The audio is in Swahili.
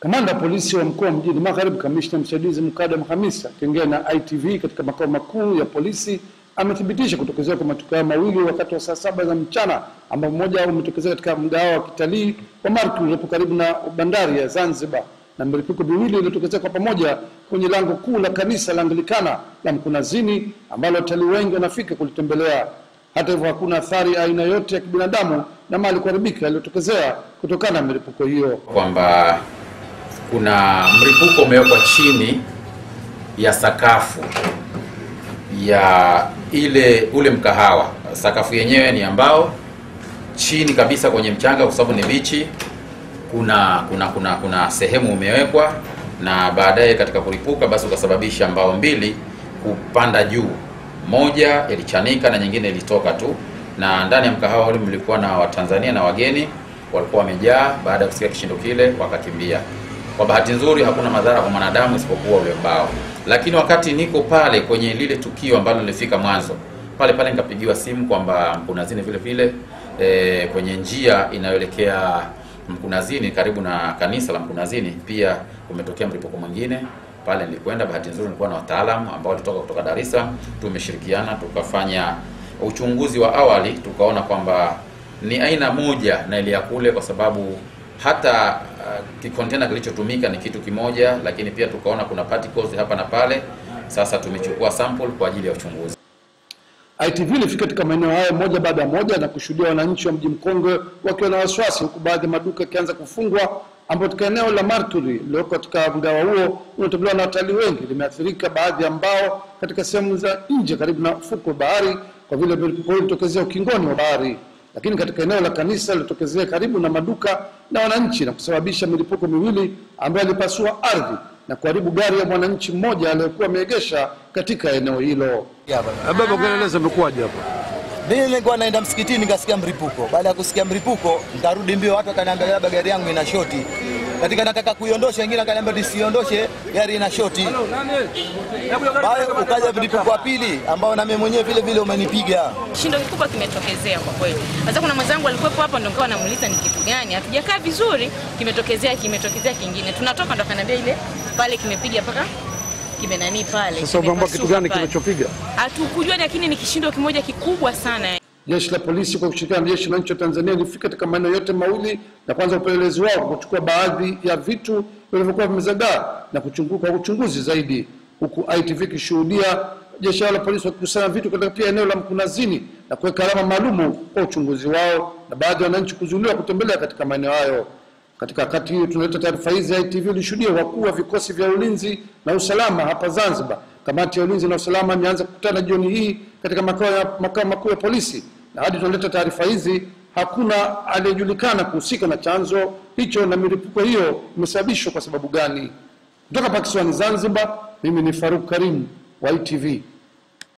Kamanda wa polisi wa mkoa wa mjini Magharibi, kamishna msaidizi Mkadam Hamis akiongea na ITV katika makao makuu ya polisi amethibitisha kutokezea kwa matukio mawili wakati wa saa saba za mchana, ambapo mmoja umetokezea katika mgahawa wa kitalii wa Marki uliopo karibu na bandari ya Zanzibar na milipuko miwili iliyotokezea kwa pamoja kwenye lango kuu la kanisa la Anglikana la Mkunazini ambalo watalii wengi wanafika kulitembelea. Hata hivyo, hakuna athari aina yote ya kibinadamu na mali kuharibika yaliyotokezea kutokana na milipuko hiyo kwamba kuna mripuko umewekwa chini ya sakafu ya ile ule mkahawa. Sakafu yenyewe ni ambao, chini kabisa kwenye mchanga, kwa sababu ni bichi, kuna kuna kuna kuna sehemu umewekwa, na baadaye katika kulipuka basi ukasababisha mbao mbili kupanda juu, moja ilichanika na nyingine ilitoka tu. Na ndani ya mkahawa ule mlikuwa na Watanzania na wageni walikuwa wamejaa. Baada ya kusikia kishindo kile, wakakimbia. Kwa bahati nzuri hakuna madhara kwa mwanadamu isipokuwa ule mbao. Lakini wakati niko pale kwenye lile tukio ambalo lilifika mwanzo, pale pale nikapigiwa simu kwamba Mkunazini vile vile e, kwenye njia inayoelekea Mkunazini karibu na kanisa la Mkunazini pia umetokea mlipuko mwingine. Pale nilikwenda, bahati nzuri nilikuwa na wataalamu ambao walitoka kutoka Dar es Salaam, tumeshirikiana tukafanya uchunguzi wa awali, tukaona kwamba ni aina moja na ile ya kule, kwa sababu hata Uh, kikontena kilichotumika ni kitu kimoja, lakini pia tukaona kuna particles hapa na pale. Sasa tumechukua sample kwa ajili ya uchunguzi. ITV ilifika katika maeneo hayo moja baada ya moja na kushuhudia wananchi wa mji mkongwe wakiwa na wasiwasi, huku baadhi ya maduka yakianza kufungwa, ambapo katika eneo la Marturi lililoko katika mgawa huo unaotembelewa na watalii wengi limeathirika, baadhi ya mbao katika sehemu za nje karibu na ufuko wa bahari, kwa vile tokezea ukingoni wa bahari lakini katika eneo la kanisa lilitokezea karibu na maduka na wananchi na kusababisha milipuko miwili ambayo ilipasua ardhi na kuharibu gari ya mwananchi mmoja aliyokuwa ameegesha katika eneo hilo. Imekuwaje hapa? Mimi nilikuwa naenda msikitini nikasikia mripuko. Baada ya kusikia mripuko, nikarudi mbio, watu wakaniambia labda gari yangu ina shoti katika nataka kuiondosha, wengine akaniambia tusiondoshe, gari ina shoti. Baada ukaja mlipuko wa pili ambao na mimi mwenyewe vile vile umenipiga. Kishindo kikubwa kimetokezea kwa kweli. Sasa kuna mwenzangu alikuwepo hapa, ndio nikawa namuuliza ni kitu gani, hatujakaa vizuri, kimetokezea kimetokezea kingine, tunatoka ndo akaniambia ile pale kimepiga mpaka kimenani pale. Sasa umeomba kitu gani kinachopiga? Hatukujua, lakini ni kishindo kimoja kikubwa sana. Jeshi la Polisi kwa kushirikiana na Jeshi la Nchi ya Tanzania lifika katika maeneo yote mawili na kuanza upelelezi wao kuchukua baadhi ya vitu vilivyokuwa vimezagaa na kuchunguka uchunguzi zaidi, huku ITV ikishuhudia jeshi la polisi wakikusanya vitu katika pia eneo la Mkunazini na kuweka alama maalumu kwa uchunguzi wao na baadhi ya wananchi kuzuiliwa kutembelea katika maeneo hayo. Katika wakati hiyo tunaleta taarifa hizi, ITV ilishuhudia wakuu wa vikosi vya ulinzi na usalama hapa Zanzibar. Kamati ya ulinzi na usalama imeanza kukutana jioni hii katika makao makuu ya polisi na hadi tunaleta taarifa hizi hakuna aliyejulikana kuhusika na chanzo hicho na milipuko hiyo imesababishwa kwa sababu gani. Kutoka pakiswani Zanzibar, mimi ni Faruk Karim wa ITV.